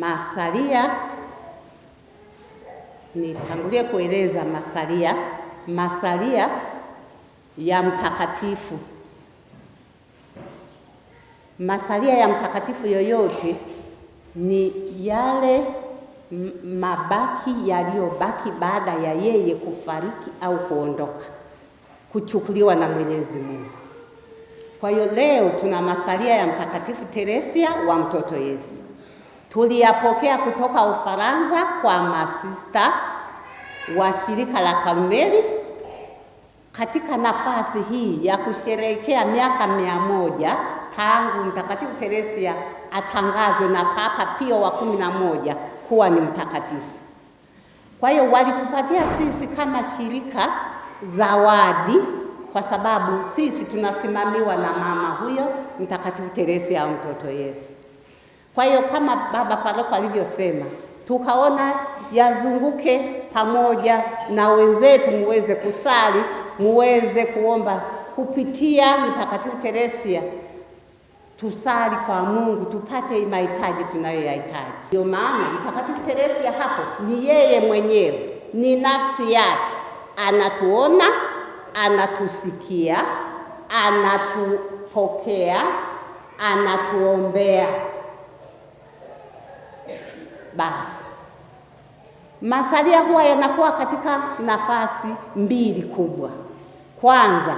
masalia, nitangulie kueleza masalia, masalia ya mtakatifu. Masalia ya mtakatifu yoyote ni yale mabaki yaliyobaki baada ya yeye kufariki au kuondoka, kuchukuliwa na Mwenyezi Mungu. Kwa hiyo leo tuna masalia ya Mtakatifu Teresia wa Mtoto Yesu tuliyapokea kutoka Ufaransa kwa masista wa shirika la Karmeli katika nafasi hii ya kusherehekea miaka mia moja tangu Mtakatifu Teresia atangazwe na Papa Pio wa kumi na moja kuwa ni mtakatifu. Kwa hiyo walitupatia sisi kama shirika zawadi, kwa sababu sisi tunasimamiwa na mama huyo Mtakatifu Teresia wa mtoto Yesu. Kwa hiyo kama baba paroko alivyosema, tukaona yazunguke pamoja na wenzetu, muweze kusali, muweze kuomba kupitia Mtakatifu Teresia tusali kwa Mungu tupate mahitaji tunayoyahitaji. Ndio maana Mtakatifu Teresia hapo ni yeye mwenyewe, ni nafsi yake, anatuona, anatusikia, anatupokea, anatuombea basi masalia huwa yanakuwa katika nafasi mbili kubwa. Kwanza,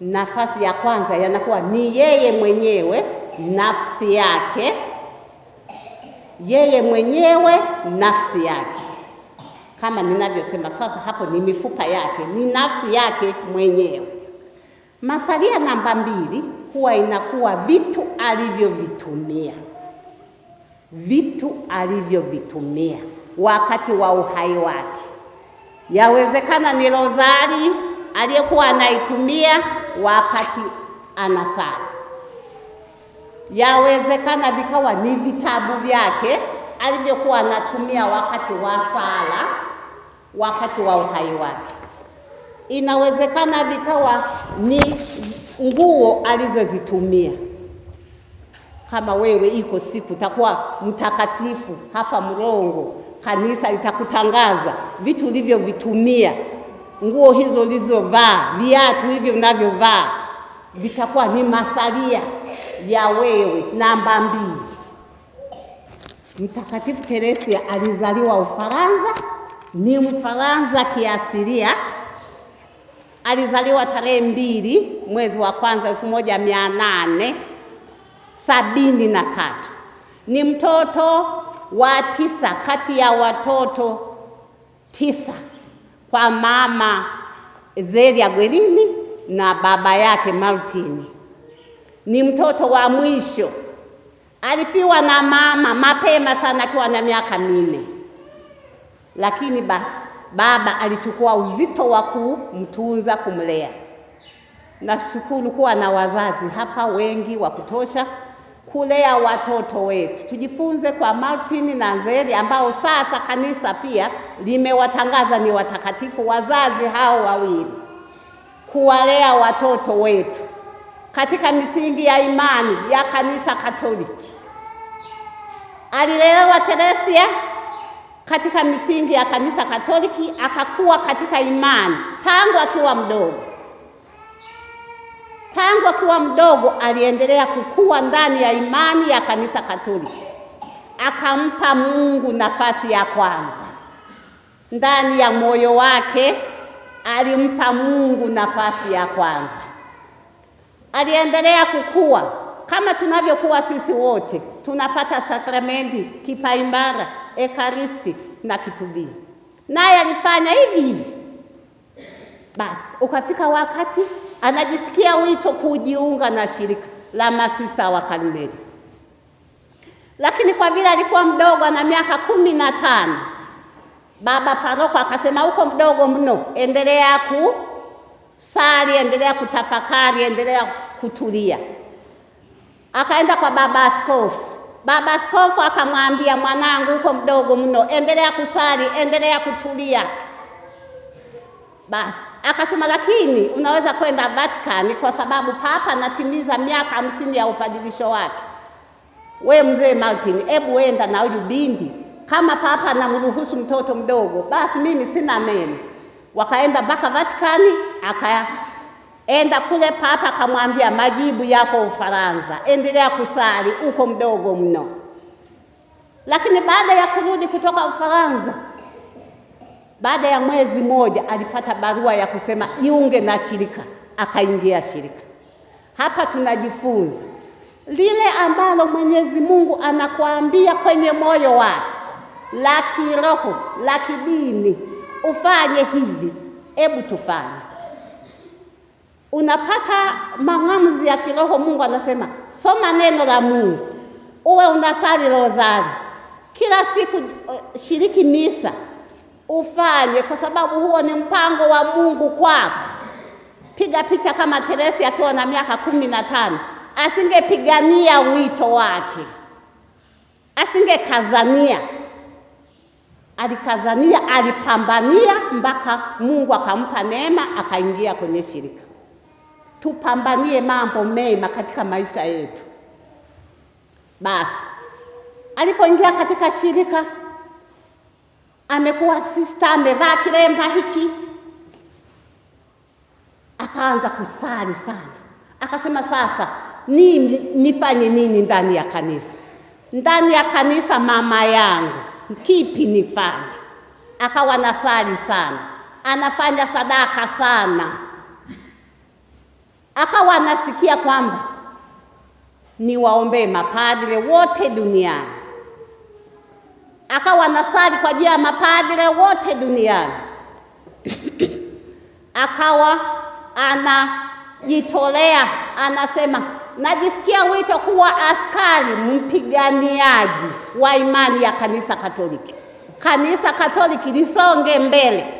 nafasi ya kwanza yanakuwa ni yeye mwenyewe nafsi yake, yeye mwenyewe nafsi yake, kama ninavyosema sasa, hapo ni mifupa yake, ni nafsi yake mwenyewe. Masalia namba mbili huwa inakuwa vitu alivyovitumia vitu alivyovitumia wakati wa uhai wake. Yawezekana ni rozari aliyekuwa anaitumia wakati anasali, yawezekana vikawa ni vitabu vyake alivyokuwa anatumia wakati wa sala, wakati wa uhai wake. Inawezekana vikawa ni nguo alizozitumia kama wewe, iko siku utakuwa mtakatifu hapa Mrongo, kanisa litakutangaza vitu ulivyovitumia, nguo hizo ulizovaa, viatu hivyo unavyovaa vitakuwa ni masalia ya wewe. Namba mbili, Mtakatifu Teresia alizaliwa Ufaransa, ni Mfaransa kiasilia. Alizaliwa tarehe mbili mwezi wa kwanza elfu moja mia nane sabini na tatu. Ni mtoto wa tisa kati ya watoto tisa kwa mama Zelia Gwerini na baba yake Martini. Ni mtoto wa mwisho, alifiwa na mama mapema sana akiwa na miaka minne, lakini basi baba alichukua uzito wa kumtunza, kumlea. Nashukuru kuwa na wazazi hapa wengi wa kutosha kulea watoto wetu. Tujifunze kwa Martin na Nzeri ambao sasa kanisa pia limewatangaza ni watakatifu, wazazi hao wawili, kuwalea watoto wetu katika misingi ya imani ya kanisa Katoliki. Alilelewa Teresia katika misingi ya kanisa Katoliki, akakuwa katika imani tangu akiwa mdogo. Tangu akiwa mdogo aliendelea kukua ndani ya imani ya kanisa Katoliki, akampa Mungu nafasi ya kwanza ndani ya moyo wake. Alimpa Mungu nafasi ya kwanza, aliendelea kukua kama tunavyokuwa sisi wote, tunapata sakramenti, kipaimbara, ekaristi na kitubii, naye alifanya hivi hivi. Basi ukafika wakati anajisikia wito kujiunga na shirika la masista wa Karmeli, lakini kwa vile alikuwa mdogo na miaka kumi na tano, baba paroko akasema, uko mdogo mno, endelea kusali, endelea kutafakari, endelea kutulia. Akaenda kwa baba askofu. Baba askofu akamwambia, mwanangu, uko mdogo mno, endelea kusali, endelea kutulia. Basi Akasema lakini unaweza kwenda Vatican kwa sababu papa anatimiza miaka hamsini ya upadilisho wake. We mzee Martin, hebu wenda na huyu bindi, kama papa anamruhusu mtoto mdogo, basi mimi sina meno. Wakaenda mpaka Vatican, akaenda kule, papa akamwambia, majibu yako Ufaransa, endelea kusali, uko mdogo mno. Lakini baada ya kurudi kutoka Ufaransa baada ya mwezi mmoja alipata barua ya kusema jiunge na shirika, akaingia shirika. Hapa tunajifunza lile ambalo Mwenyezi Mungu anakuambia kwenye moyo wako la kiroho la kidini, ufanye hivi, hebu tufanye. Unapata mang'amuzi ya kiroho, Mungu anasema soma neno la Mungu, uwe unasali rozari kila siku, eh, shiriki misa ufanye, kwa sababu huo ni mpango wa Mungu kwako. Piga picha kama Teresi akiwa na miaka kumi na tano asingepigania wito wake, asingekazania. Alikazania, alipambania mpaka Mungu akampa neema, akaingia kwenye shirika. Tupambanie mambo mema katika maisha yetu. Basi alipoingia katika shirika amekuwa sista, amevaa kilemba hiki. Akaanza kusali sana, akasema sasa nini nifanye nini ndani ya kanisa, ndani ya kanisa mama yangu, kipi nifanye? Akawa nasali sana, anafanya sadaka sana, akawa anasikia kwamba niwaombee mapadre wote duniani akawa nasali kwa ajili ya mapadre wote duniani akawa anajitolea, anasema najisikia wito kuwa askari mpiganiaji wa imani ya kanisa Katoliki. Kanisa Katoliki lisonge mbele.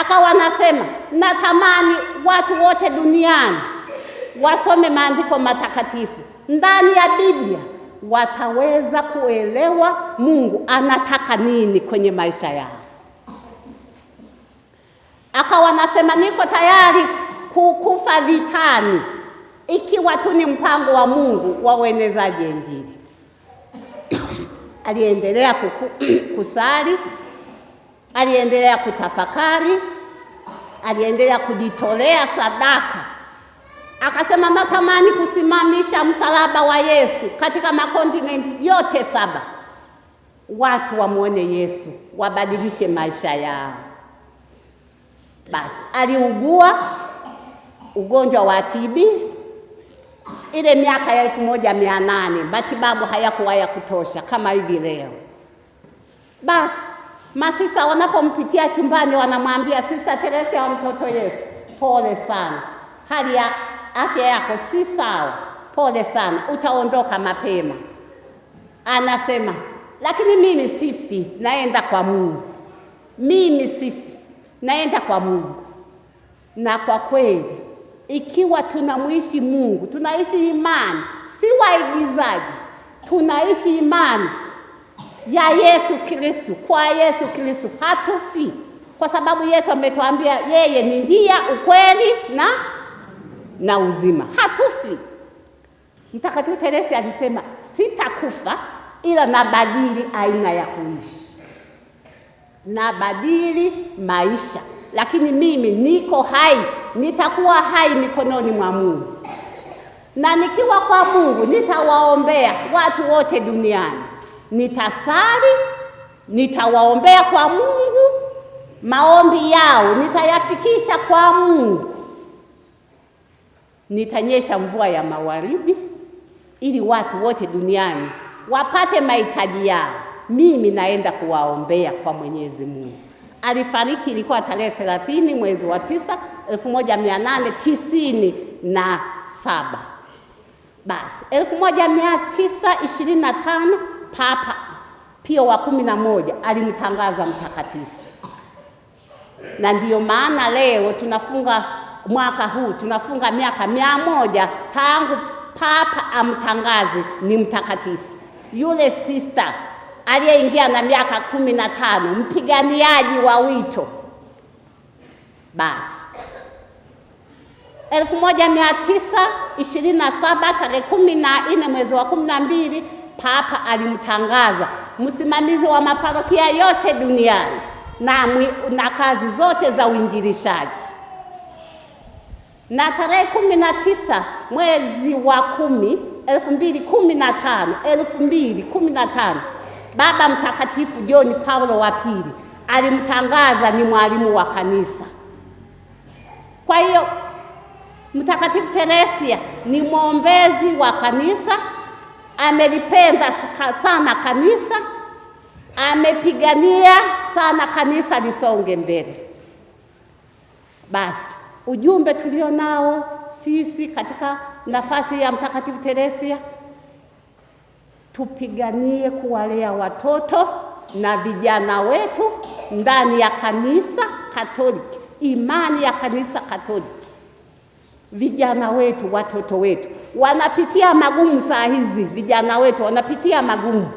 Akawa anasema natamani watu wote duniani wasome maandiko matakatifu ndani ya Biblia wataweza kuelewa Mungu anataka nini kwenye maisha yao. Akawa nasema niko tayari kukufa vitani ikiwa tu ni mpango wa Mungu wa uenezaji Injili. Aliendelea kusali, aliendelea kutafakari, aliendelea kujitolea sadaka akasema natamani kusimamisha msalaba wa Yesu katika makontinenti yote saba, watu wamwone Yesu, wabadilishe maisha yao. Basi aliugua ugonjwa wa TB ile miaka ya elfu moja mia nane matibabu hayakuwa ya kutosha kama hivi leo. Basi masisa wanapompitia chumbani, wanamwambia Sista Teresa wa mtoto Yesu, pole sana, hali ya afya yako si sawa, pole sana, utaondoka mapema. Anasema, lakini mimi sifi, naenda kwa Mungu, mimi sifi, naenda kwa Mungu. Na kwa kweli ikiwa tunamwishi Mungu, tunaishi imani, si waigizaji, tunaishi imani ya Yesu Kristo, kwa Yesu Kristo hatufi, kwa sababu Yesu ametuambia yeye ni njia, ukweli na na uzima, hatufi. Mtakatifu Teresi alisema sitakufa, ila nabadili aina ya kuishi, nabadili maisha, lakini mimi niko hai, nitakuwa hai mikononi mwa Mungu, na nikiwa kwa Mungu nitawaombea watu wote duniani, nitasali, nitawaombea kwa Mungu, maombi yao nitayafikisha kwa Mungu nitanyesha mvua ya mawaridi ili watu wote duniani wapate mahitaji yao. Mimi naenda kuwaombea kwa Mwenyezi Mungu. Alifariki ilikuwa tarehe 30 mwezi wa tisa 1897. Basi 1925 Papa Pio wa kumi na moja alimtangaza mtakatifu, na ndiyo maana leo tunafunga mwaka huu tunafunga miaka mia moja tangu papa amtangaze ni mtakatifu. Yule sista aliyeingia na miaka kumi na tano, mpiganiaji wa wito, basi elfu moja mia tisa ishirini na saba tarehe kumi na nne mwezi wa kumi na mbili papa alimtangaza msimamizi wa maparokia yote duniani na, na kazi zote za uinjilishaji na tarehe kumi na tisa mwezi wa kumi elfu mbili kumi na tano elfu mbili kumi na tano Baba Mtakatifu John Paulo wa pili alimtangaza ni mwalimu wa kanisa. Kwa hiyo Mtakatifu Teresia ni mwombezi wa kanisa, amelipenda sana kanisa, amepigania sana kanisa lisonge mbele. Basi ujumbe tulio nao sisi katika nafasi ya Mtakatifu Teresia, tupiganie kuwalea watoto na vijana wetu ndani ya kanisa Katoliki, imani ya kanisa Katoliki. Vijana wetu, watoto wetu wanapitia magumu saa hizi, vijana wetu wanapitia magumu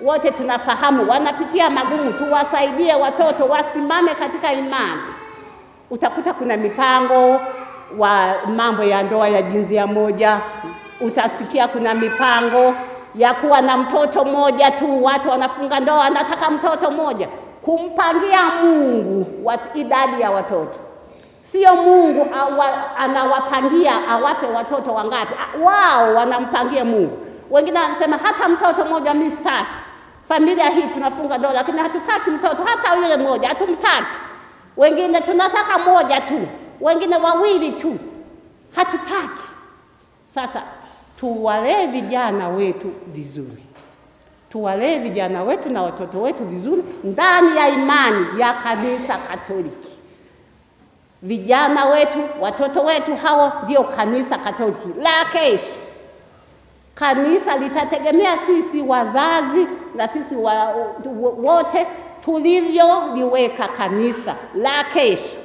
wote tunafahamu wanapitia magumu. Tuwasaidie watoto wasimame katika imani. Utakuta kuna mipango wa mambo ya ndoa ya jinsia moja, utasikia kuna mipango ya kuwa na mtoto mmoja tu, watu wanafunga ndoa, anataka mtoto mmoja. Kumpangia Mungu idadi ya watoto sio Mungu awa, anawapangia awape watoto wangapi, wao wanampangia Mungu. Wengine wanasema hata mtoto mmoja mimi sitaki, familia hii tunafunga ndoa, lakini hatutaki mtoto hata yule mmoja, hatumtaki wengine tunataka moja tu, wengine wawili tu, hatutaki. Sasa tuwalee vijana wetu vizuri, tuwalee vijana wetu na watoto wetu vizuri ndani ya imani ya kanisa Katoliki. Vijana wetu, watoto wetu, hawa ndio kanisa Katoliki la kesho. Kanisa litategemea sisi wazazi na sisi wote wa, tulivyoliweka kanisa la kesho.